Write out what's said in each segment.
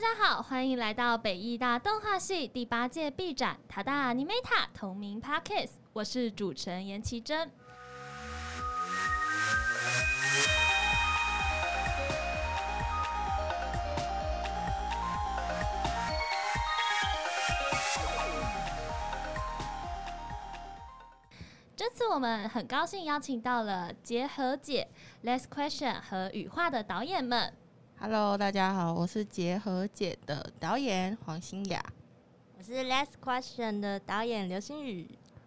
大家好，歡迎來到北藝大動畫系第八屆畢展《塔噠！Animeta》同名 Podcast，我是主持人嚴奇珍。這次我們很高興邀請到了《結和解》、 《LAST QUESTION》和《羽化》的導演們。Hello，大家好，我是結和解的導演黃歆雅。我是 Last Question 的導演劉欣語。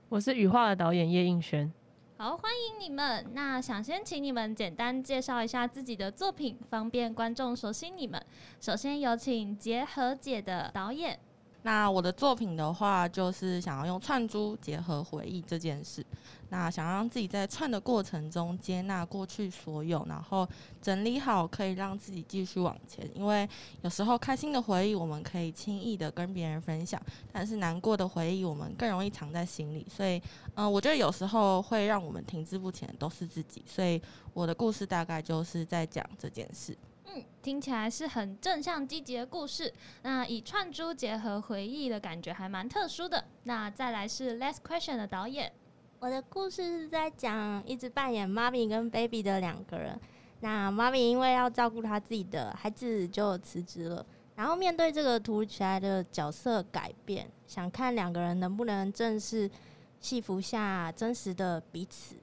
我是羽化的導演葉映萱。好，歡迎你們。那想先請你們簡單介紹一下自己的作品，方便觀眾熟悉你們。首先有請結和解的導演。那我的作品的話，就是想要用串珠結合回憶這件事，那想讓自己在串的過程中接納過去所有，然後整理好，可以讓自己繼續往前。因為有時候開心的回憶，我們可以輕易的跟別人分享，但是難過的回憶，我們更容易藏在心裡。所以，嗯、呃，我覺得有時候會讓我們停滯不前都是自己。所以，我的故事大概就是在講這件事。聽起來是很正向積極的故事。那以串珠結合回憶的感覺還蠻特殊的。那再來是 Last Question 的導演，我的故事是在講一直扮演媽咪跟 baby 的兩個人。那媽咪因為要照顧她自己的孩子就辭職了，然後面對這個突如其來的角色改變，想看兩個人能不能正視戲服下真實的彼此。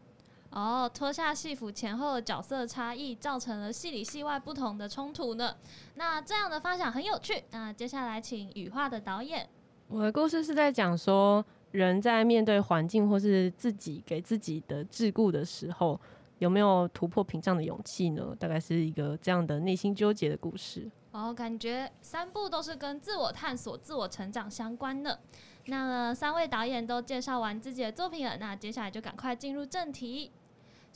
哦，脫下戲服前後的角色差異，造成了戲裡戲外不同的衝突呢。那這樣的發想很有趣。那接下來請羽化的導演。我的故事是在講說，人在面對環境或是自己給自己的桎梏的時候，有沒有突破屏障的勇氣呢？大概是一個這樣的內心糾結的故事。後、哦、感覺三部都是跟自我探索、自我成長相關的。那三位導演都介紹完自己的作品了，那接下來就趕快進入正題。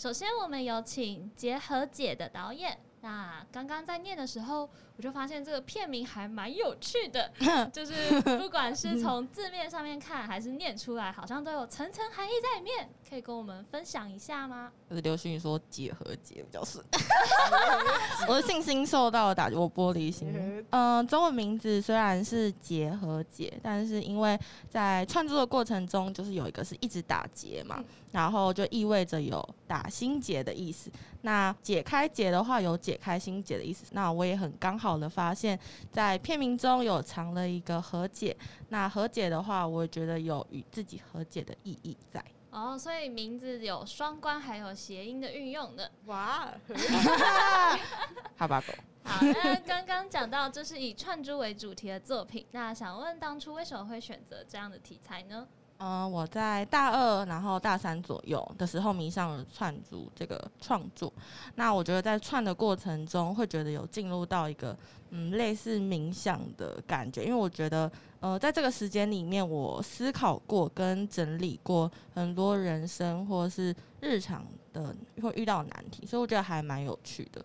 首先，我們有請結和解的導演。那剛剛在念的時候，我就發現這個片名還蠻有趣的， 就是不管是從字面上面看，還是念出來，好像都有層層含義在裡面。可以跟我們分享一下嗎？就是劉欣語說“結和解比較順。 我的信心受到了打擊，我玻璃心。 嗯，中文名字雖然是“結和解，但是因為在串珠的過程中，就是有一個是一直打結嘛，嗯、然後就意味着有打心結的意思。 嗯、那解開結的話，有解開心結的意思。那我也很剛好的發現，在片名中有藏了一個“和解”。那和解的話，我覺得有與自己和解的意義在。哦、oh，所以名字有雙關，還有諧音的運用的哇，wow. 好，那剛剛講到，這是以串珠為主題的作品。 那想問，當初為什麼會選擇這樣的題材呢？嗯、呃，我在大二，然後大三左右的時候迷上了串珠這個創作。那我覺得在串的過程中，會覺得有進入到一個嗯類似冥想的感覺，因為我覺得，呃，在這個時間裡面，我思考過跟整理過很多人生或是日常的會遇到難題，所以我覺得還蠻有趣的。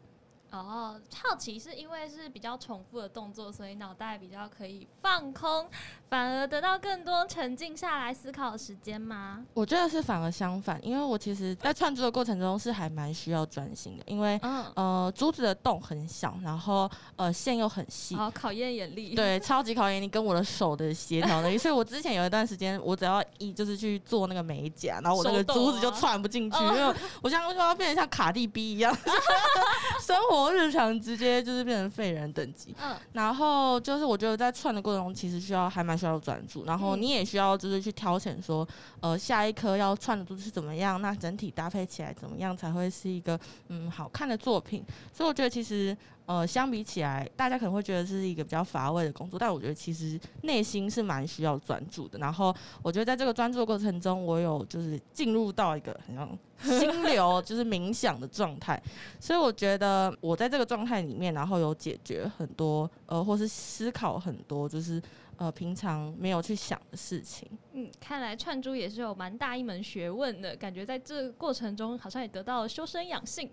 哦，好奇是因為是比較重複的動作，所以腦袋比較可以放空，反而得到更多沉靜下來思考的時間嗎？我覺得是反而相反，因為我其實在串珠的過程中是還蠻需要專心的，因為、嗯、呃珠子的洞很小，然後呃線又很細，好、哦、考驗眼力，對，超級考驗你跟我的手的協調能力。 所以我之前有一段時間，我只要一就是去做那個美甲，然後我那個珠子就串不進去、啊，因為我現在說要變成像卡蒂 B 一樣， 生活。我日常直接就是變成廢人等級，嗯，然後就是我覺得在串的過程中，其實需要還蠻需要專注，然後你也需要就是去挑選說，呃，下一顆要串的就是怎麼樣，那整體搭配起來怎麼樣才會是一個嗯，好看的作品，所以我覺得其實。呃，相比起來，大家可能會覺得是一個比較乏味的工作，但我覺得其實內心是蠻需要專注的。然後，我覺得在這個專注的過程中，我有就是進入到一個很像心流，就是冥想的狀態。 所以我覺得我在這個狀態裡面，然後有解決很多，呃，或是思考很多，就是。呃，平常沒有去想的事情。嗯，看來串珠也是有蠻大一門學問的，感覺在這個過程中好像也得到了修身養性。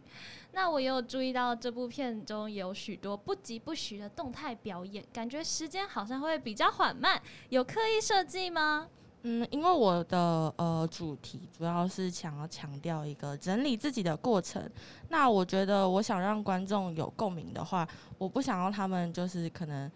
那我也有注意到這部片中也有許多不疾不徐的動態表演，感覺時間好像會比較緩慢，有刻意設計嗎？嗯，因為我的呃主題主要是想要強調一個整理自己的過程。那我覺得我想讓觀眾有共鳴的話，我不想要他們就是可能。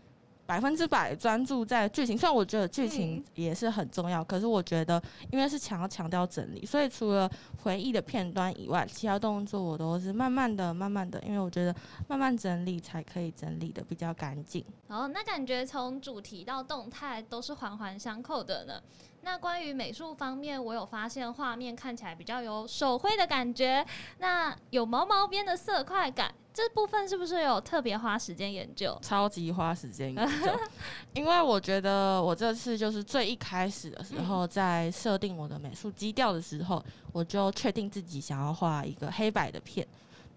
百分之百專注在劇情，雖然我覺得劇情也是很重要，嗯，可是我覺得因為是強要強調整理，所以除了回憶的片段以外，其他動作我都是慢慢的、慢慢的，因為我覺得慢慢整理才可以整理得比較乾淨。哦，那感覺從主題到動態都是環環相扣的呢。那關於美術方面，我有發現畫面看起來比較有手繪的感覺，那有毛毛邊的色塊感，這部分是不是有特別花時間研究？超級花時間研究， 因為我覺得我這次就是最一開始的時候，在設定我的美術基調的時候，嗯、我就確定自己想要畫一個黑白的片。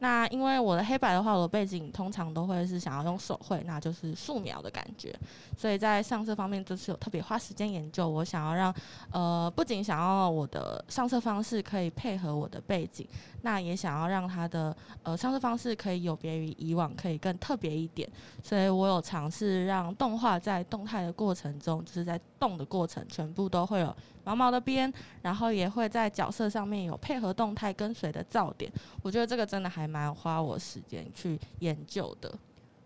那因為我的黑白的話，我的背景通常都會是想要用手繪，那就是素描的感覺，所以在上色方面這次有特別花時間研究。我想要讓，呃，不僅想要我的上色方式可以配合我的背景，那也想要讓它的呃上色方式可以有別於以往，可以更特別一點。所以我有嘗試讓動畫在動態的過程中，就是在動的過程全部都會有。毛毛的邊，然後也會在角色上面有配合動態跟隨的噪點，我覺得這個真的還蠻花我時間去研究的。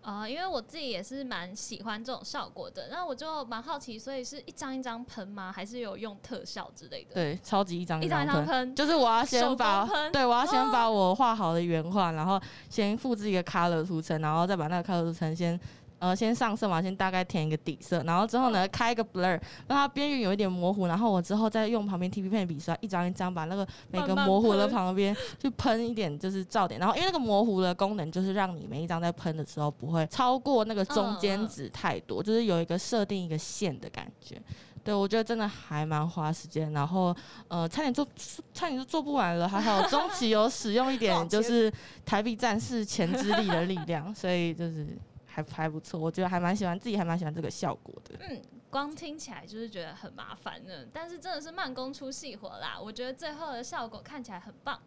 啊，因為我自己也是蠻喜歡這種效果的，那我就蠻好奇，所以是一張一張噴嗎？還是有用特效之類的？對，超級一張一張噴，就是我要先把對，我要先把我畫好的原畫，然後先複製一個 Color 圖層，然後再把那個 Color 圖層先。呃，先上色嘛，先大概填一個底色，然後之後呢，開一個 blur，讓它邊緣有一點模糊，然後我之後再用旁邊 TP pen 的筆刷一張一張把那個每個模糊的旁邊去噴一點，就是噪點。然後因為那個模糊的功能就是讓你每一張在噴的時候不會超過那個中間值太多，就是有一個設定一個線的感覺。對，我覺得真的還蠻花時間，然後呃，差點做差點就做不完了，還好中期有使用一點就是台幣戰士前之力的力量，所以就是。還還不錯，我覺得還蠻喜歡，自己還蠻喜歡這個效果的。嗯，光聽起來就是覺得很麻煩呢，但是真的是慢工出細活啦。我覺得最後的效果看起來很棒。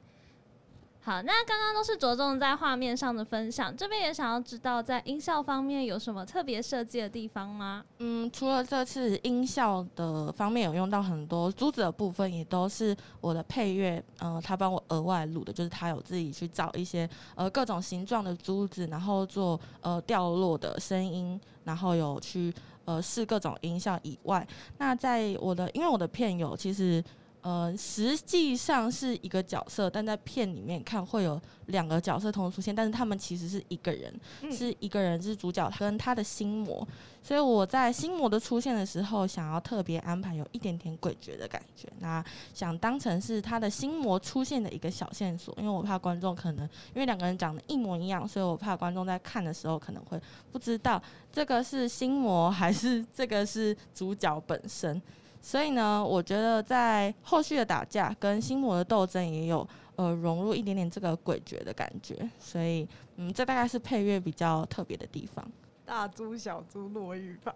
好，那剛剛都是着重在畫面上的分享，這邊也想要知道在音效方面有什麼特別設計的地方嗎？嗯，除了這次音效的方面有用到很多珠子的部分，也都是我的配樂，呃，他幫我額外錄的，就是他有自己去找一些呃，各種形狀的珠子，然後做呃，掉落的聲音，然後有去呃試各種音效以外，那在我的因為我的片友其實。呃，實際上是一個角色，但在片裡面看會有兩個角色同時出現，但是他們其實是一個人，嗯、是一個人，是主角跟他的心魔。所以我在心魔的出現的時候，想要特別安排有一點點詭譎的感覺，那想當成是他的心魔出現的一個小線索，因為我怕觀眾可能因為兩個人長得一模一樣，所以我怕觀眾在看的時候可能會不知道這個是心魔還是這個是主角本身。所以呢，我覺得在後續的打架跟心魔的鬥爭，也有呃融入一點點這個詭譎的感覺。所以，嗯，這大概是配樂比較特別的地方。大珠小珠落玉盤，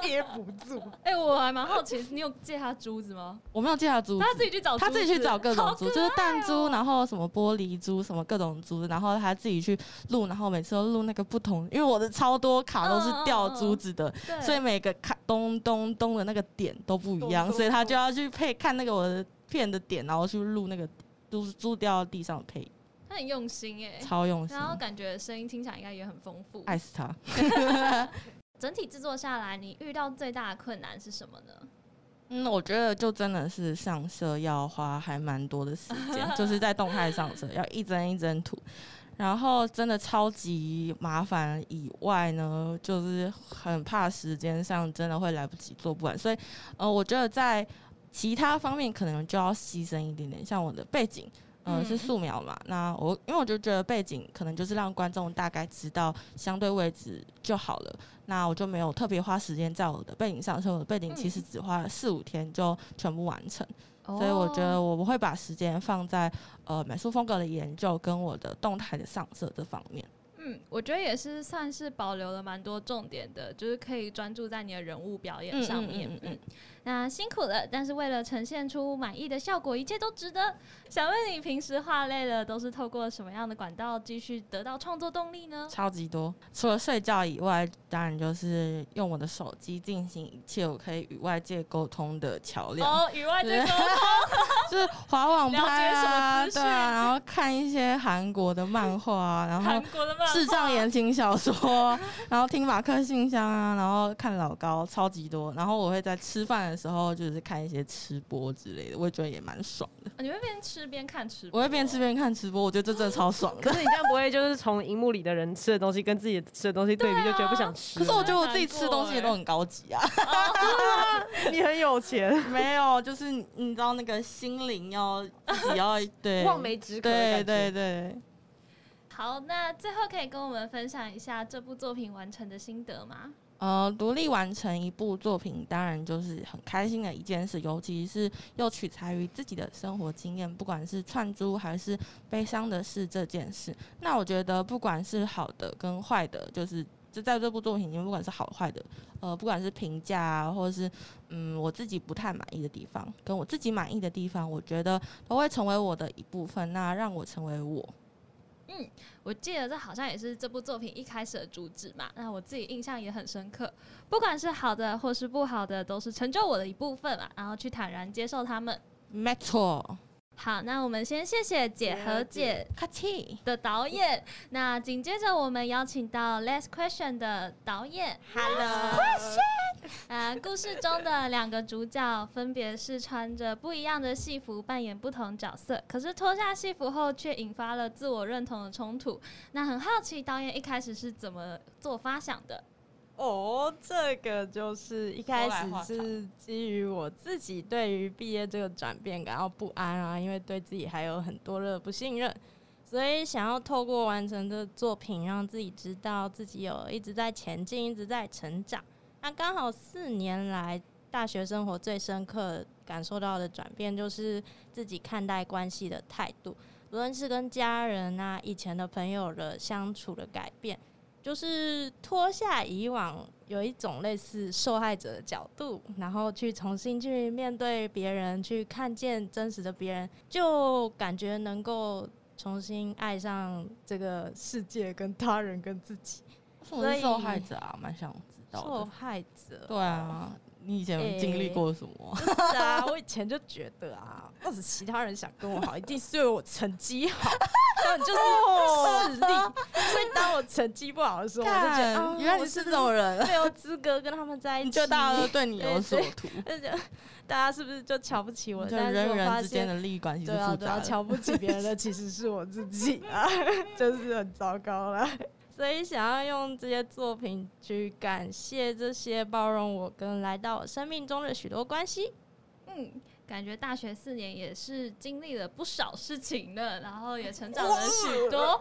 憋不住。 哎、欸，我還蠻好奇，你有借他珠子嗎？ 我沒有借他珠子，他自己去找，他自己去找各種珠、喔，就是彈珠，然後什麼玻璃珠，什麼各種珠子，然後他自己去錄，然後每次都錄那個不同，因為我的超多卡都是掉珠子的，uh, uh, uh, uh. 所以每個卡咚，咚咚咚的那個點都不一樣咚咚咚，所以他就要去配看那個我的片的點，然後去錄那個珠珠掉到地上配。很用心耶、欸，超用心。然後感覺聲音聽起來應該也很豐富。愛死他， 整體制作下來，你遇到最大的困難是什麼呢？嗯，我覺得就真的是上色要花還蠻多的時間， 就是在動態上色要一幀一幀塗，然後真的超級麻煩。以外呢，就是很怕時間上真的會來不及做不完，所以呃，我覺得在其他方面可能就要犧牲一點點，像我的背景。嗯、呃，是素描嘛？那我因為我就覺得背景可能就是讓觀眾大概知道相對位置就好了。那我就沒有特別花時間在我的背景上，所以我的背景其實只花了四五天就全部完成。嗯、所以我覺得我不會把時間放在呃美術風格的研究跟我的動態的上色這方面。嗯，我覺得也是算是保留了蠻多重點的，就是可以專注在你的人物表演上面。嗯。嗯嗯嗯那辛苦了，但是為了呈現出滿意的效果，一切都值得。想問你，平時畫累了，都是透過什麼樣的管道繼續得到創作動力呢？超級多，除了睡覺以外，當然就是用我的手機進行一切我可以與外界溝通的橋梁。哦，與外界溝通，就 是滑網拍啊，什麼對啊，然後看一些韓國的漫畫啊，然後智障言情小說啊，然後聽馬克信箱啊，然後看老高，超級多。然後我會在吃飯。的時候，就是看一些吃播之類的，我覺得也蠻爽的。哦，你會邊吃邊看吃播？我會邊吃邊看吃播，我覺得這真的超爽的。可是你這樣不會就是從熒幕裡的人吃的東西跟自己吃的東西對比，對啊，就覺得不想吃？可是我覺得我自己吃的東西也都很高級啊，很難過欸。 你很有錢。 沒有，就是你知道那個心靈要自己要 對，望梅止渴的感覺，對對對。好，那最後可以跟我們分享一下這部作品完成的心得嗎？呃，獨立完成一部作品，當然就是很開心的一件事，尤其是又取材於自己的生活經驗，不管是串珠還是悲傷的事這件事。那我覺得，不管是好的跟壞的，就是就在這部作品裡面，不管是好壞的，呃，不管是評價啊，或是嗯，我自己不太滿意的地方，跟我自己滿意的地方，我覺得都會成為我的一部分啊，那讓我成為我。嗯，我記得這好像也是這部作品一開始的主旨嘛。那我自己印象也很深刻，不管是好的或是不好的，都是成就我的一部分嘛。然後去坦然接受他們。沒錯。好，那我們先謝謝結和解的導演。那緊接着我們邀請到《Last Question》的導演，Hello。呃，uh, 故事中的兩個主角分別是穿着不一樣的戲服 扮演不同角色，可是脫下戲服後卻引發了自我認同的衝突。那很好奇，導演一開始是怎麼做發想的？哦，這個就是一開始是基於我自己對於畢業這個轉變感到不安啊，因為對自己還有很多的不信任，所以想要透過完成的作品，讓自己知道自己有一直在前進，一直在成長。那剛好四年來大學生活最深刻感受到的轉變，就是自己看待關係的態度，無論是跟家人啊、以前的朋友的相處的改變。就是脫下以往有一種類似受害者的角度，然後去重新去面對別人，去看見真實的別人，就感覺能夠重新愛上這個世界、跟他人、跟自己。所以受害者啊，蠻想知道。受害者。對啊。你以前有經歷過什麼？欸，就是啊，我以前就覺得啊，要 是其他人想跟我好，一定是對我成績好， 但就是勢利。 所以當我成績不好的時候，我就覺得、哦、原來是這種人沒有資格跟他們在一起，就大家都對你有所圖。大家是不是就瞧不起我？人與人之間的利益關係是複雜的。對啊對啊，瞧不起別人的其實是我自己啊， 就是很糟糕了。所以想要用這些作品去感謝這些包容我跟來到我生命中的許多關係。嗯，感覺大學四年也是經歷了不少事情的，然後也成長了許多。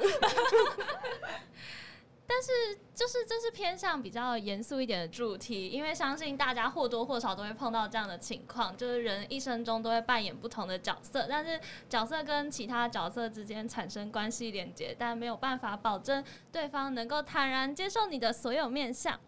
但是，就是這是偏向比較嚴肅一點的主題，因為相信大家或多或少都會碰到這樣的情況，就是人一生中都會扮演不同的角色，但是角色跟其他角色之間產生關係連接，但沒有辦法保證對方能夠坦然接受你的所有面向。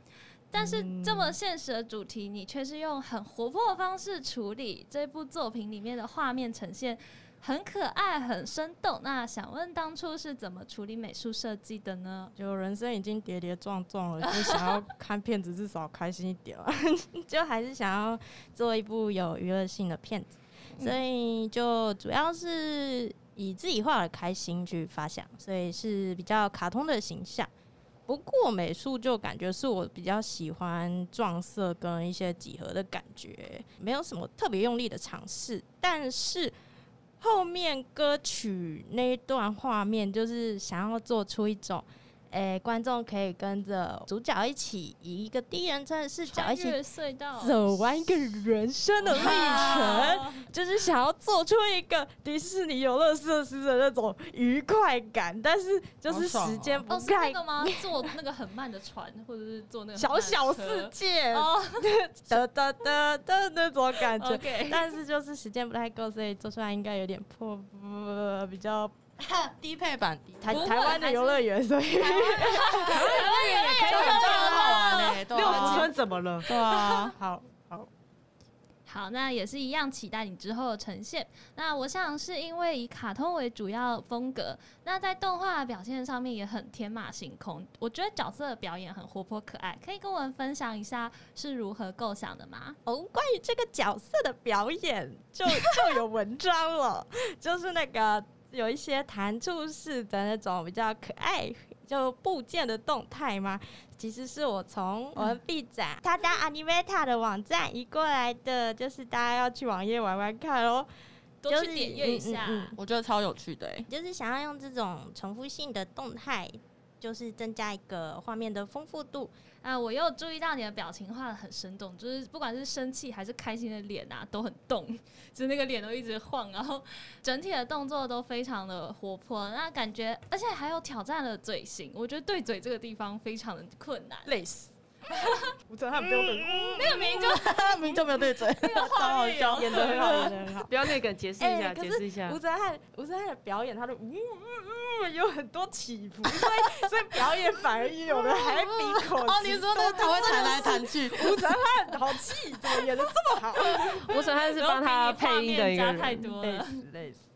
但是這麼現實的主題，你卻是用很活潑的方式處理這一部作品裡面的畫面呈現。很可愛，很生動。那想問，當初是怎麼處理美術設計的呢？就人生已經跌跌撞撞了，就想要看片子至少開心一點啊， 就還是想要做一部有娛樂性的片子。所以就主要是以自己畫的開心去發想，所以是比較卡通的形象。不過美術就感覺是我比較喜歡撞色跟一些幾何的感覺，沒有什麼特別用力的嘗試，但是。後面歌曲那一段畫面，就是想要做出一種。哎、欸，觀眾可以跟着主角一起，以一個第一人稱的視角一起走完一個人生的歷程，就是想要做出一個迪士尼遊樂設施的那種愉快感，但是就是時間不夠，坐、喔哦、那， 那個很慢的船，或者是坐那個小小世界，哦、 噠的的的那種感覺。但是就是時間不太夠，所以做出來應該有點破，比較。低配版低台台灣的遊樂園，所以台灣遊樂園也可以很抓人好玩對，六門村怎麼了？對啊， 好好好，那也是一樣，期待你之後的呈現。那我想是因為以卡通為主要風格，那在動畫表現上面也很天馬行空。我覺得角色的表演很活潑可愛，可以跟我們分享一下是如何構想的嗎？哦，關於這個角色的表演，就就有文章了， 就是那個。有一些彈出式的那種比較可愛，就部件的動態嘛？其實是我從我們畢展，他家 Animeta 的網站移過來的，就是大家要去網頁玩玩看哦，就是，多去點閱一下，嗯嗯嗯。我覺得超有趣的，欸，就是想要用這種重複性的動態。就是增加一個畫面的豐富度啊！我又注意到你的表情畫得很生動，就是不管是生氣還是開心的臉啊，都很動，就是那個臉都一直晃，然後整體的動作都非常的活潑，那感覺，而且還有挑戰的嘴型，我覺得對嘴這個地方非常的困難，累死。吳 哲翰標準，對，沒有名中名中沒有對嘴，嗯嗯嗯嗯、演的很好，演的很好。不要那個解釋一下，解釋一下。吳哲翰，吳哲翰的表演，他的嗯嗯嗯，有很多起伏，所以所以表演反而也有的 還比口。哦，你說那個他會彈來彈去。吳哲翰好氣，怎麼演的這麼好？吳哲翰是幫他配音的一個人。累死。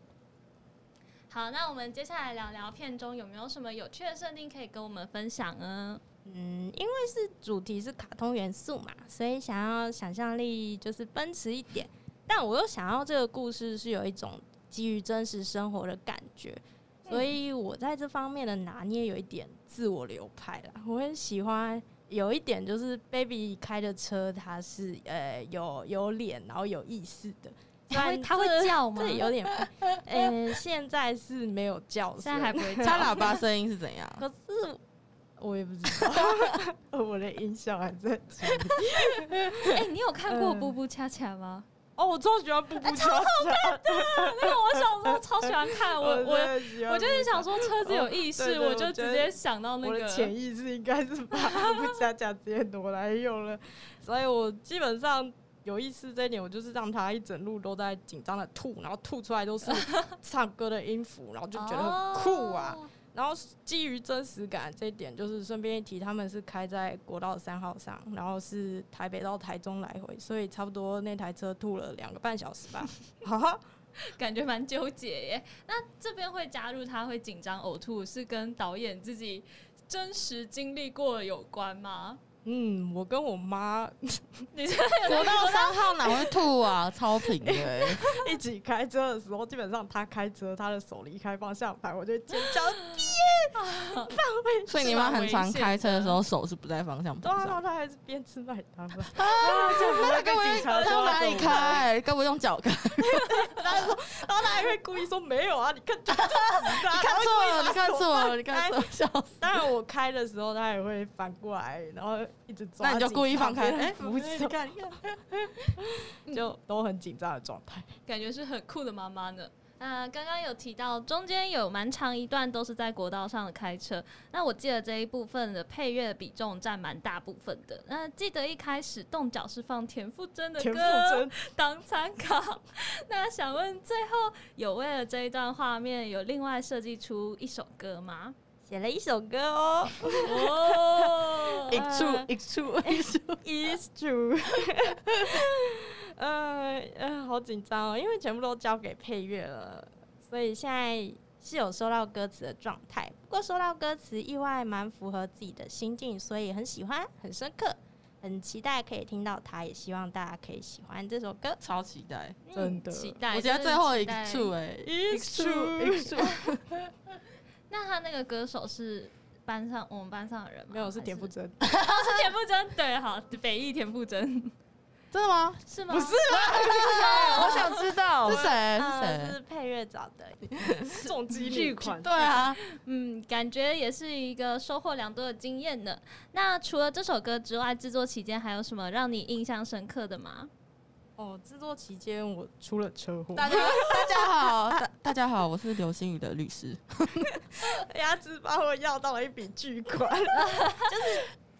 好，那我們接下來聊聊片中有沒有什麼有趣的設定可以跟我們分享呢？嗯，因為是主題是卡通元素嘛，所以想要想象力就是奔馳一點，但我又想要這個故事是有一種基於真實生活的感覺，所以我在這方面的拿捏有一點自我流派了。我很喜歡有一點，就是 Baby 開的車，它是呃有有臉，然後有意思的，但它會它會叫嗎？有點，哎、呃，現在是沒有叫，現在還不會叫。插喇叭聲音是怎樣？可是。我也不知道 我的印象還在這裡。哎，你有看過《步步恰恰嗎》嗎、嗯？哦，我超喜歡《步步恰恰、欸》，超好看的。 那個我小時候超喜歡看。我我恰恰我就是想說車子有意識、哦，我就直接想到那個潛意識應該是把步步恰恰直接挪來用了。所以，我基本上有意識這一點，我就是讓他一整路都在緊張的吐，然後吐出來都是唱歌的音符，然後就覺得酷啊、 哦。然後基於真實感這一點，就是順便一提，他們是開在國道三號上，然後是台北到台中來回，所以差不多那台車吐了兩個半小時吧。哈哈，感覺蠻糾結耶。那這邊會加入他會緊張嘔吐，是跟導演自己真實經歷過的有關嗎？嗯，我跟我媽，你， 國道三號哪會吐啊？ 超平的、欸。一起開車的時候，基本上他開車，他的手離開方向盤，我就尖叫。天 啊、yeah!，所以你媽很常開車的時候手是不在方向盤上。對啊，然後她還是邊吃麥當勞。啊，就那個警察說他、欸，他哪裡開？跟我用腳開？然 後 說，然後他還會故意說沒有啊，你看錯、就是啊， 你看錯了，你看錯了，你看錯，笑死。當然我開的時候他也會反過來，然後。一直抓，那你就故意放開，哎、欸，很浮躁，欸、 就、嗯、都很緊張的狀態。感覺是很酷的媽媽呢？那剛剛有提到中間有蠻長一段都是在國道上的開車，那我記得這一部分的配樂比重占蠻大部分的。那記得一開始動腳是放田馥甄的歌甄當參考， 那想問最後有為了這一段畫面有另外設計出一首歌嗎？寫了一首歌哦，哦，哦，哦，哦，哦，哦，哦，it's true，哦，哦，好緊張哦，因為全部都交給配樂了，所以現在是有收到歌詞的狀態。不過收到歌詞意外蠻符合自己的心境，所以很喜歡，很深刻，很期待可以聽到他，也希望大家可以喜歡這首歌，超期待，真的，嗯、期待真的期待。我覺得最後一哦、欸，哎，哦，哦，哦，哦，那他那個歌手是班上我們班上的人嗎？沒有，是田馥甄，是田馥甄。 對，好，北藝田馥甄，真的嗎？是嗎？不是嗎？ 我想知道是誰？是誰？是配樂找的，重金巨款。對啊，嗯，感覺也是一個收穫良多的經驗呢。那除了這首歌之外，製作期間還有什麼讓你印象深刻的嗎？哦，製作期間我出了車禍。 大家好。 大家好，我是劉欣語的律師。牙齒幫我要到了一筆巨款。 就是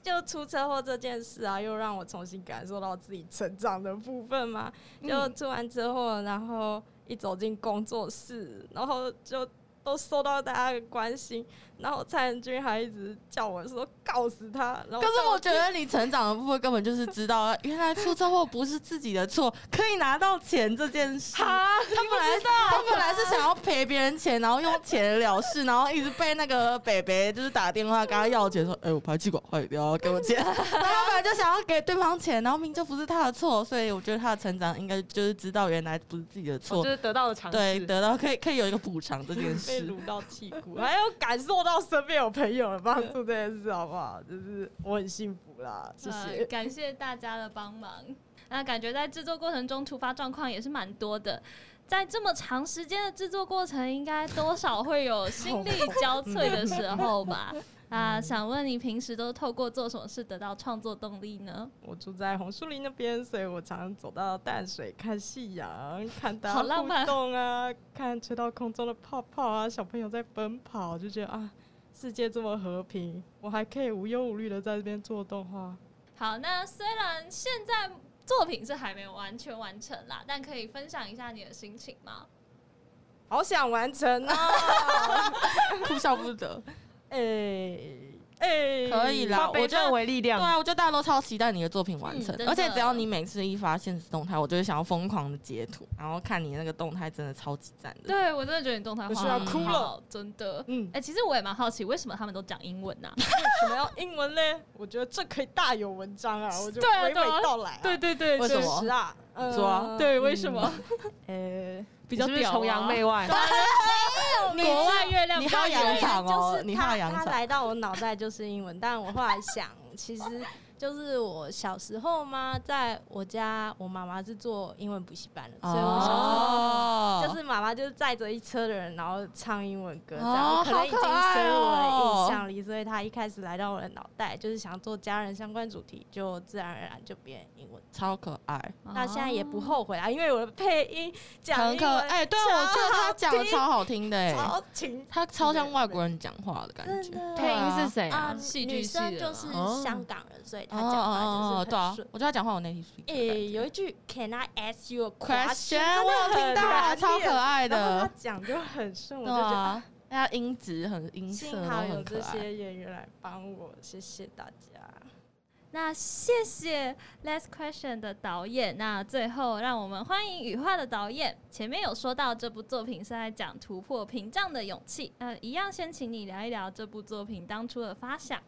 就出車禍這件事啊，又讓我重新感受到自己成長的部分嘛、嗯。就出完車禍，然後一走進工作室，然後就都受到大家的關心。然後蔡文君還一直叫我說告死他。可是我覺得你成長的部分根本就是知道，原來出車禍不是自己的錯，可以拿到錢這件事。他他本來他本來是想要賠別人錢，然後用錢了事，然後一直被那個北北就是打電話跟他要錢，說：“哎，我排氣管壞掉，給我錢。”他本來就想要給對方錢，然後明明就不是他的錯，所以我覺得他的成長應該就是知道原來不是自己的錯，就是得到了賠償，對，得到可以可以有一個補償這件事。還有感受到身邊有朋友的幫助這件事，好不好？嗯、就是我很幸福啦，嗯、謝謝、呃，感謝大家的幫忙。那感覺在制作過程中突發狀況也是蠻多的，在這麼長時間的制作過程，應該多少會有心力交瘁的時候吧。 啊，想問你平時都透過做什麼事得到創作動力呢？我住在紅樹林那邊，所以我常走到淡水看夕陽，看到，啊、好浪漫，動啊，看吹到空中的泡泡啊，小朋友在奔跑，就覺得啊，世界這麼和平，我還可以無憂無慮的在這邊做動畫。好，那雖然現在作品是還沒有完全完成啦，但可以分享一下你的心情嗎？好想完成啊， 哭笑不得。哎、欸，哎、欸，可以啦！我叫為力量，對啊，我覺得大家都超期待你的作品完成。嗯、而且只要你每次一發限時動態，我就會想要瘋狂的截圖，然後看你那個動態真的超級讚的。對我真的覺得你動態畫的很好，真的。嗯，哎、欸，其實我也蠻好奇，為什麼他們都講英文呢、啊？為什麼要英文嘞？我覺得這可以大有文章啊！我就娓娓道來、啊對啊對啊對啊啊。對對對，為什麼啊？對，為什麼？哎、啊。呃 比較崇洋媚外，沒有國外月亮 因就是他，你怕陽場哦，你怕洋場，他來到我腦袋就是英文，但我後來想，其實。就是我小時候嘛，在我家，我媽媽是做英文補習班的、哦，所以我小時候就是媽媽就載着一車的人，然後唱英文歌，這樣、哦、可能已經深入我的印象裡、哦，所以她一開始來到我的腦袋，就是想做家人相關主題，就自然而然就變英文，超可愛。那現在也不後悔啊，因為我的配音講英文，哎、欸，對，我覺得他講的超好聽的，哎，他超像外國人講話的感覺。配音是誰啊？戲、um, 劇系的，女生就是、哦、香港人，所以。哦哦哦哦，對啊，我覺得他講話有 native 誒，欸、有一句 Can I ask you a question？我有聽到，啊，超可愛的。他講就很順、啊，我就覺得、啊、他音質很音色都很可愛。有這些演員來幫我，謝謝大家。那謝謝 Last Question 的導演。那最後，讓我們歡迎羽化的導演。前面有說到這部作品是在講突破屏障的勇氣。呃，一樣先請你聊一聊這部作品當初的發想。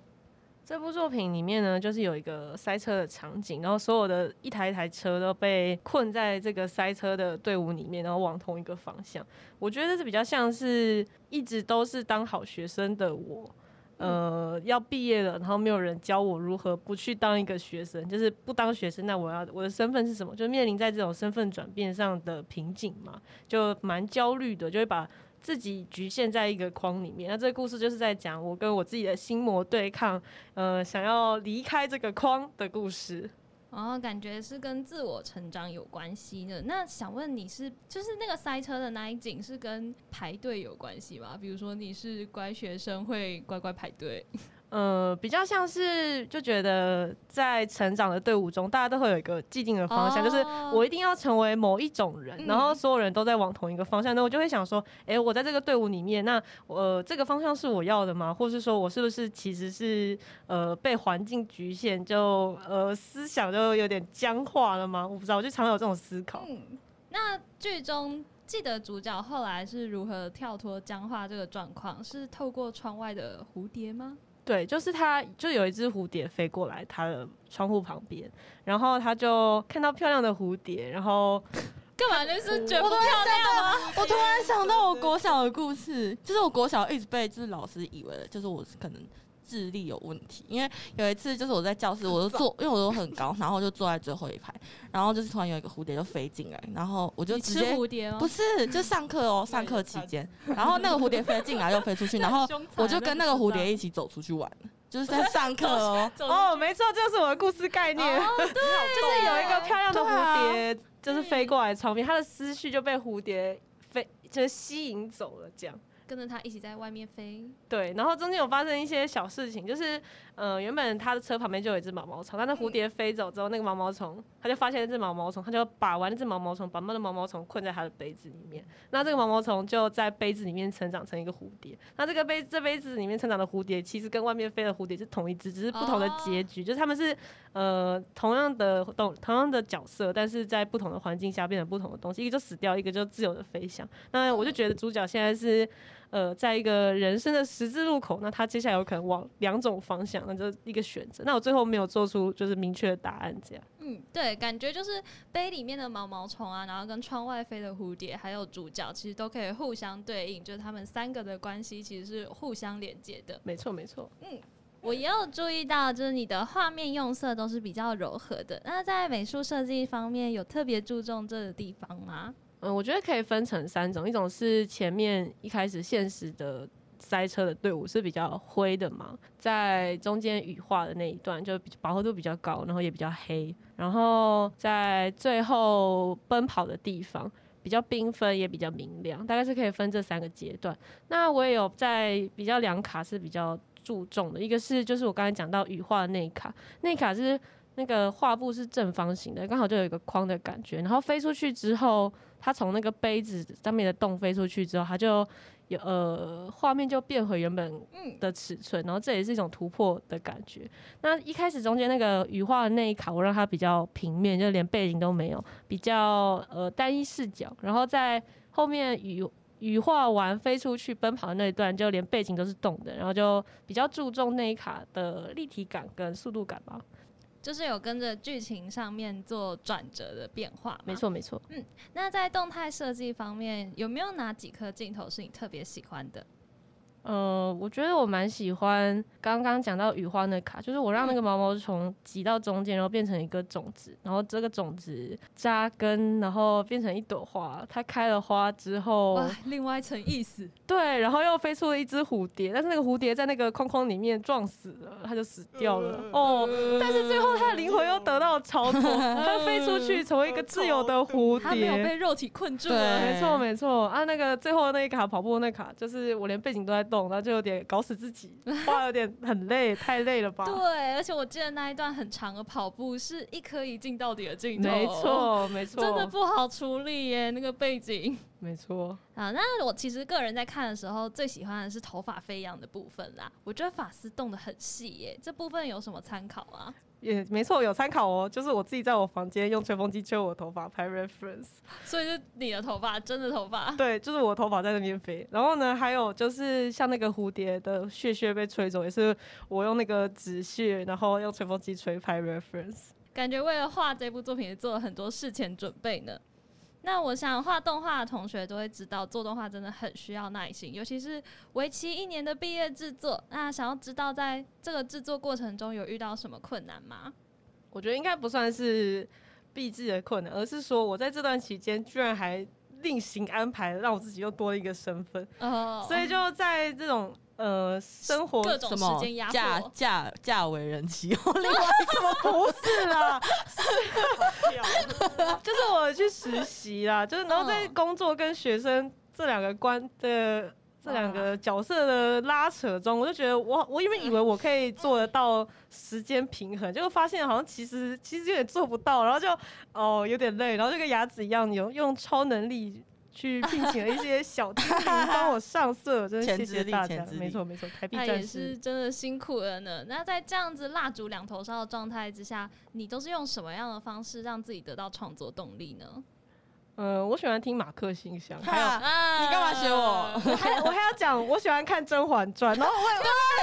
這部作品裡面呢，就是有一個塞車的場景，然後所有的一台一台車都被困在這個塞車的隊伍裡面，然後往同一個方向。我覺得這是比較像是一直都是當好學生的我，呃，要畢業了，然後沒有人教我如何不去當一個學生，就是不當學生，那我要，我的身份是什麼？就面臨在這種身份轉變上的瓶頸嘛，就蠻焦慮的，就會把自己侷限在一個框裡面，那這個故事就是在講我跟我自己的心魔對抗，呃，想要離開這個框的故事。哦，感覺是跟自我成長有關係呢。那想問你是，就是那個塞車的那一景是跟排隊有關係嗎？比如說你是乖學生，會乖乖排隊。呃，比較像是就覺得在成長的隊伍中，大家都會有一個既定的方向，oh, 就是我一定要成為某一種人、嗯，然後所有人都在往同一個方向。那我就會想說，哎、欸，我在這個隊伍裡面，那呃，這個方向是我要的嗎？或是說我是不是其實是呃被環境局限，就呃思想就有點僵化了嗎？我不知道，我就常,常有這種思考。嗯、那劇中記得主角後來是如何跳脫僵化這個狀況？是透過窗外的蝴蝶嗎？對，就是他，就有一隻蝴蝶飛過來他的窗戶旁邊，然後他就看到漂亮的蝴蝶，然後幹嘛就是覺得不漂亮嗎？我突然想到我國小的故事，就是我國小一直被就是老師以為就是我是可能。智力有問題，因為有一次就是我在教室，我都坐，因為我都很高，然後我就坐在最後一排，然後就是突然有一個蝴蝶就飛進來，然後我就直接蝴蝶哦，不是，就上課哦、喔，上課期間，然後那個蝴蝶飛進來又飛出去，然後我就跟那個蝴蝶一起走出去玩，就是在上課哦、喔，哦，oh, 沒錯，就是我的故事概念，oh, 對， 就是有一個漂亮的蝴蝶，就是飛過來窗邊，他的思緒就被蝴蝶飛，就是吸引走了，這樣。跟着他一起在外面飛，對，然後中間有發生一些小事情，就是，嗯、呃，原本他的車旁邊就有一隻毛毛蟲，但是蝴蝶飛走之後，那個毛毛蟲，他就發現那隻毛毛蟲，他就把玩那隻毛毛蟲，把那隻毛毛蟲困在他的杯子裡面，那這個毛毛蟲就在杯子裡面成長成一個蝴蝶，那這個杯這杯子裡面成長的蝴蝶，其實跟外面飛的蝴蝶是同一隻，只是不同的結局，oh. 就是他們是，呃，同樣的動同樣的角色，但是在不同的環境下變成不同的東西，一個就死掉，一個就自由的飛翔，那我就覺得主角現在是。呃，在一個人生的十字路口，那他接下來有可能往兩種方向，那就是一個選擇。那我最後沒有做出就是明確的答案，這樣。嗯，對，感覺就是杯裡面的毛毛蟲啊，然後跟窗外飛的蝴蝶，還有主角其實都可以互相對應，就是他們三個的關係其實是互相連接的。沒錯，沒錯。嗯，我也有注意到，就是你的畫面用色都是比較柔和的。那在美術設計方面，有特別注重這個地方嗎？嗯，我覺得可以分成三種，一種是前面一開始現實的塞車的隊伍是比較灰的嘛，在中間羽化的那一段就飽和度比較高，然後也比較黑，然後在最後奔跑的地方比較繽紛也比較明亮，大概是可以分這三個階段。那我也有在比較兩卡是比較注重的，一個是就是我剛才講到羽化的那一卡，那一卡是那個畫布是正方形的，剛好就有一個框的感覺，然後飛出去之後。它從那個杯子上面的洞飛出去之後，它就有，呃，畫面就變回原本的尺寸，然後這也是一種突破的感覺。那一開始中間那個羽化的那一卡，我讓它比較平面，就連背景都沒有，比較呃單一視角。然後在後面羽羽化完飛出去奔跑的那一段，就連背景都是動的，然後就比較注重那一卡的立體感跟速度感吧。就是有跟着劇情上面做轉折的變化，沒錯沒錯。嗯，那在動態設計方面，有沒有哪幾顆鏡頭是你特別喜歡的？呃，我覺得我蠻喜歡剛剛講到羽化那卡，就是我讓那個毛毛蟲擠到中間，然後變成一個種子，然後這個種子紮根，然後變成一朵花。它開了花之後，另外一層意思，對，然後又飛出了一隻蝴蝶，但是那個蝴蝶在那個框框裡面撞死了，它就死掉了。哦，但是最後他的靈魂又得到了超脫，他飛出去成為一個自由的蝴蝶。他、嗯嗯、沒有被肉體困住了，沒錯沒錯啊。那個最後那一卡跑步那卡，就是我連背景都在動。懂了，就有點搞死自己，畫有點很累， 太累了吧？對，而且我記得那一段很長的跑步是一顆一鏡到底的鏡頭，沒錯，沒錯，真的不好處理耶、欸。那個背景，沒錯啊。那我其實個人在看的時候，最喜歡的是頭髮飛揚的部分啦。我覺得髮絲動得很細耶、欸，這部分有什麼參考啊？也沒錯，有參考哦，就是我自己在我房間用吹風機吹我頭髮拍 reference。所以是你的頭髮，真的頭髮。對，就是我頭髮在那邊飛。然後呢，還有就是像那個蝴蝶的屑屑，被吹走，也是我用那個紙屑，然後用吹風機吹拍 reference。感覺為了畫這部作品也做了很多事前準備呢。那我想畫動畫的同學都會知道，做動畫真的很需要耐心，尤其是為期一年的畢業制作。那想要知道在這個制作過程中有遇到什麼困難嗎？我覺得應該不算是畢制的困難，而是說我在這段期間居然還另行安排，讓我自己又多了一個身份，Oh. 所以就在這種。呃，生活什麼各種時間壓力，嫁嫁嫁為人妻，哦， 另外什麼不是啦， 是 就是我去實習啦， 就是然後在工作跟學生這兩個關的這兩個角色的拉扯中，嗯啊、我就覺得我我有有以為我可以做得到時間平衡，結 果發現好像其實其實有點做不到，然後就哦有點累，然後就跟牙齒一樣，有用超能力。去聘請了一些小精靈幫我上色， 真的謝謝大家。前前沒錯沒錯，他也是真的辛苦了呢。那在這樣子蠟燭兩頭燒的狀態之下，你都是用什麼樣的方式讓自己得到創作動力呢？呃，我喜歡聽馬克心想。還有、啊、你幹嘛學我？呃、我還我還要講，我喜歡看《甄嬛傳》，然後我哎，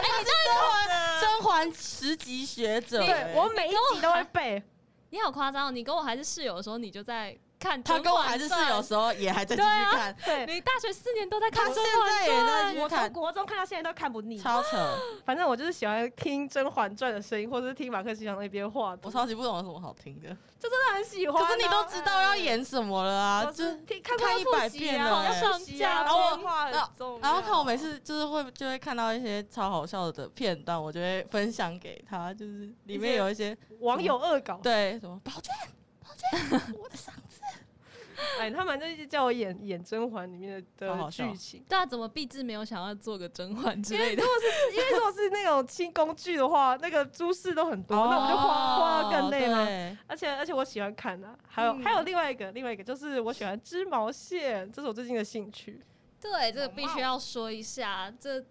你、 欸就是、甄嬛了，甄嬛十級學者，對，對、欸、我每一集都會背。你，你好誇張、哦，你跟我還是室友的時候，你就在。看，他跟我還是室友，時候也還在繼續看。對,、啊、對,對你大學四年都在看《甄嬛傳》，我從國中看到現在都看不膩。超扯！反正我就是喜歡聽《甄嬛傳》的聲音，或者是聽馬克西姆那邊話的。我超級不懂有什麼好聽的，就真的很喜歡、啊。可是你都知道要演什麼了啊？欸、就是看一百遍，然後上架、啊，然後看我每次就是會就會看到一些超好笑的片段，我就會分享給他。就是裡面有一些,一些網友惡搞，嗯、對什麼寶娟，寶娟，我的嗓。哎，他們就一直叫我演演《甄嬛》裡面的的劇情，對啊，怎麼畢製沒有想要做個甄嬛之類的？因為如果是因為如果是那種清宮劇的話， 那個珠飾都很多，哦、那我就畫畫更累了。而且而且我喜歡看啊，還有、嗯、還有另外一個另外一個就是我喜歡織毛線， 這是我最近的興趣。對，這個必須要說一下這。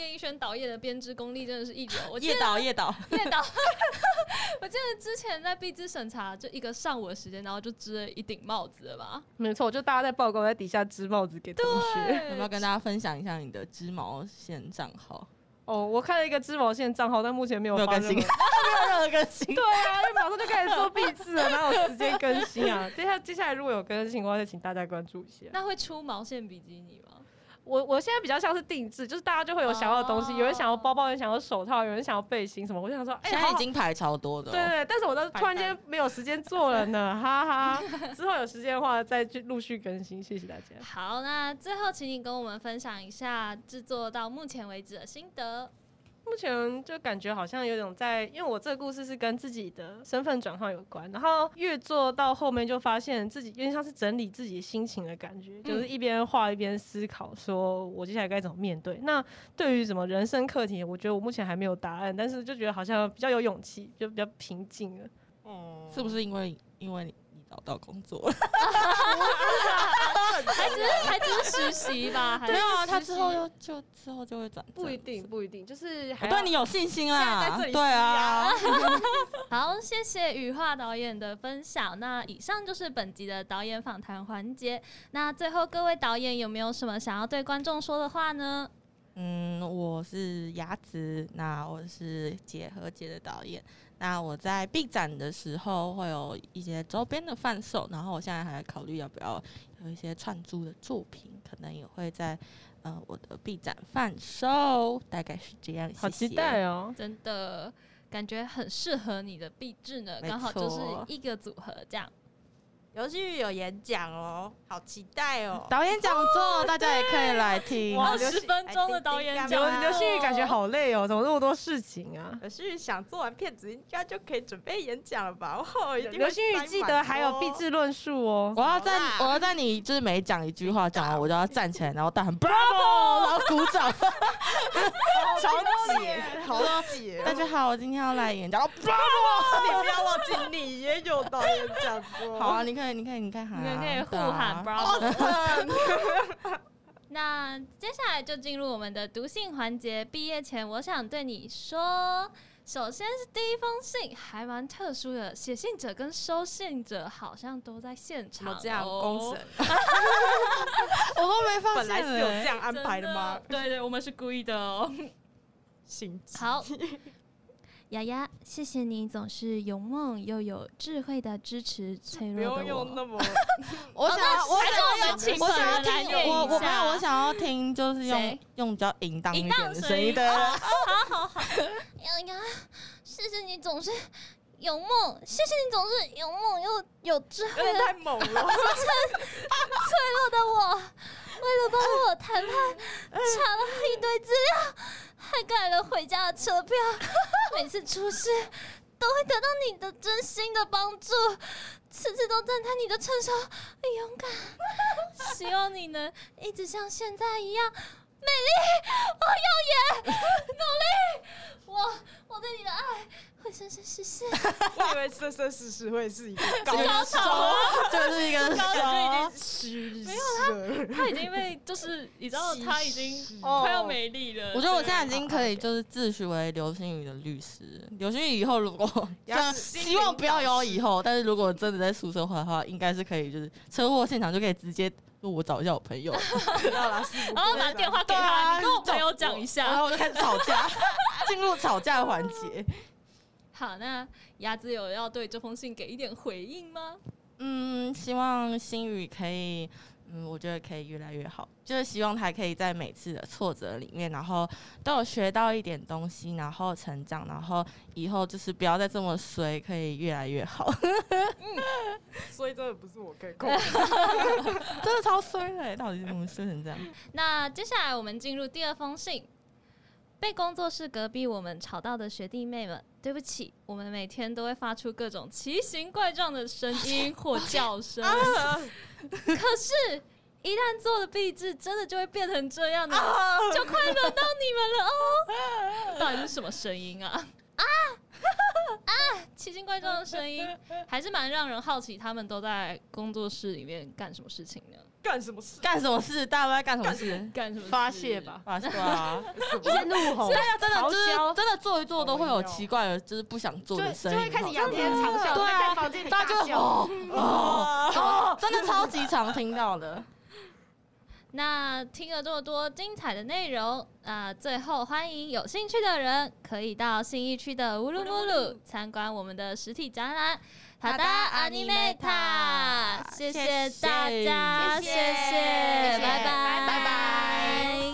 葉映萱導演的編織功力真的是一流。我記得，葉導，葉導，葉導， 我記得之前在畢製審查，就一個上午的時間，然後就織了一頂帽子了吧？沒錯，就大家在報告，在底下織帽子給同學。有沒有跟大家分享一下你的織毛線賬號？哦，我開了一個織毛線賬號，但目前沒有更新， 沒有任何更新。對啊，因為馬上就開始做畢製了，哪有時間更新啊？ 接下接下來如果有更新情況，就請大家關注一下。那會出毛線比基尼嗎？我我現在比較像是定制，就是大家就會有想要的東西，oh，有人想要包包，有人想要手套，有人想要背心什麼，我就想說，哎、欸，現在已經排超多的。哦，對對，對但是我都突然間沒有時間做了呢，白白哈哈， 之後有時間的話再去陸續更新，謝謝大家。好，那最後請你跟我們分享一下製作到目前為止的心得。目前就感覺好像有種在，因為我這個故事是跟自己的身份轉換有關，然後越做到後面就發現自己有點像是整理自己心情的感覺，就是一邊畫一邊思考，說我接下來該怎麼面對。那對於什麼人生課題，我覺得我目前還沒有答案，但是就覺得好像比較有勇氣，就比較平靜了。嗯，是不是因為因為你？找到工作了、 啊啊，還只是還只是實習吧 還實？沒有、啊，他之後就,就之後就會轉。不一定，不一定，就是還對你有信心啦。在在啊對啊， 好，謝謝羽化導演的分享。那以上就是本集的導演訪談環節。那最後，各位導演有沒有什麼想要對觀眾說的話呢？嗯，我是牙子，那我是結和解的導演。那我在畢展的時候會有一些周邊的販售，然後我現在還在考慮要不要有一些串珠的作品，可能也會在呃我的畢展販售，大概是這樣。好期待哦、喔，真的感覺很適合你的畢製呢，剛好就是一個組合這樣。劉欣語有演講哦，好期待哦、喔！導演講座大家也可以來聽，我要十分鐘的導演講座。劉欣語感覺好累哦、喔，怎麼那麼多事情啊？劉欣語想做完片子應該就可以準備演講了吧？劉欣語記得還有畢製論述哦。我要在，我要在，你就是每講一句話講完我就要站起來，然後大喊 Bravo，然後鼓掌 超級，好解好解。大家好，我今天要來演講、哦、Bravo，你不要忘記你也有導演講座。 好啊，你看。對，你看，你看哈、啊，你們可以互喊 bro。啊 Bravo oh, 那接下來就進入我們的讀信環節。畢業前，我想對你說，首先是第一封信，還蠻特殊的，寫信者跟收信者好像都在現場、哦。這樣 我都沒發現，本來是有這樣安排的嗎？的對對，我們是故意的哦。行，好。雅雅，謝謝你總是有夢又有智慧的支持，脆弱的我。用用 我想要，哦我想要我，我想要聽，我想要我我沒有，我想要聽，就是用用比較淫蕩一點的聲音。誰的？ 好好好，雅雅， 謝謝你總是有夢，謝謝你總是有夢又有智慧的太猛了， 脆弱的我。為了幫我談判，查了一堆資料，還改了回家的車票。每次出事，都會得到你的真心的幫助，次次都讚嘆你的成熟與勇敢。希望你能一直像現在一樣美麗。 我以為生生世世會是一個高手、啊，就是一個高就 已沒有他，他已經被就是，你知道他已經快要沒力了、oh,。我覺得我現在已經可以就是自詡為劉欣語的律師。劉欣、okay、語以後如果希望不要有以後，但是如果真的在出車禍的話，應該是可以就是車禍現場就可以直接我找一下我朋友，知道了， 然後把電話給他，啊、跟我朋友講一下，然後我就開始吵架，進 入吵架環節。好，那鴨子有要對這封信給一點回應嗎？嗯，希望欣語可以，嗯，我覺得可以越來越好，就是希望他還可以在每次的挫折裡面，然後都有學到一點東西，然後成長，然後以後就是不要再這麼衰，可以越來越好。 嗯、所以真的不是我可以控制的， 真的超衰嘞，到底怎麼衰成這樣？那接下來我們進入第二封信。被工作室隔壁我們吵到的學弟妹們，對不起，我們每天都會發出各種奇形怪狀的聲音或叫聲。 可是，一旦做了壁紙，真的就會變成這樣的， 就快輪到你們了哦。到底是什麼聲音啊？ 啊啊！奇形怪狀的聲音，還是蠻讓人好奇，他們都在工作室裡面幹什麼事情呢？幹什麼事？幹什麼事？大家都在幹什麼事？幹、啊、 什麼？發洩吧，發洩吧！先怒吼、啊，嚎叫、啊就是！真的做一做都會有奇怪的，就是不想做的聲音就，就會開始仰天長嘯，對啊、在房間裡大，大就哦，哦，哦， 真的超級常聽到的。 那聽了這麼多精彩的內容，那、呃、最後歡迎有興趣的人可以到信義區的烏魯烏魯參觀我們的實體展覽。好的，阿妮梅塔，謝謝大家，謝謝，拜拜，拜拜。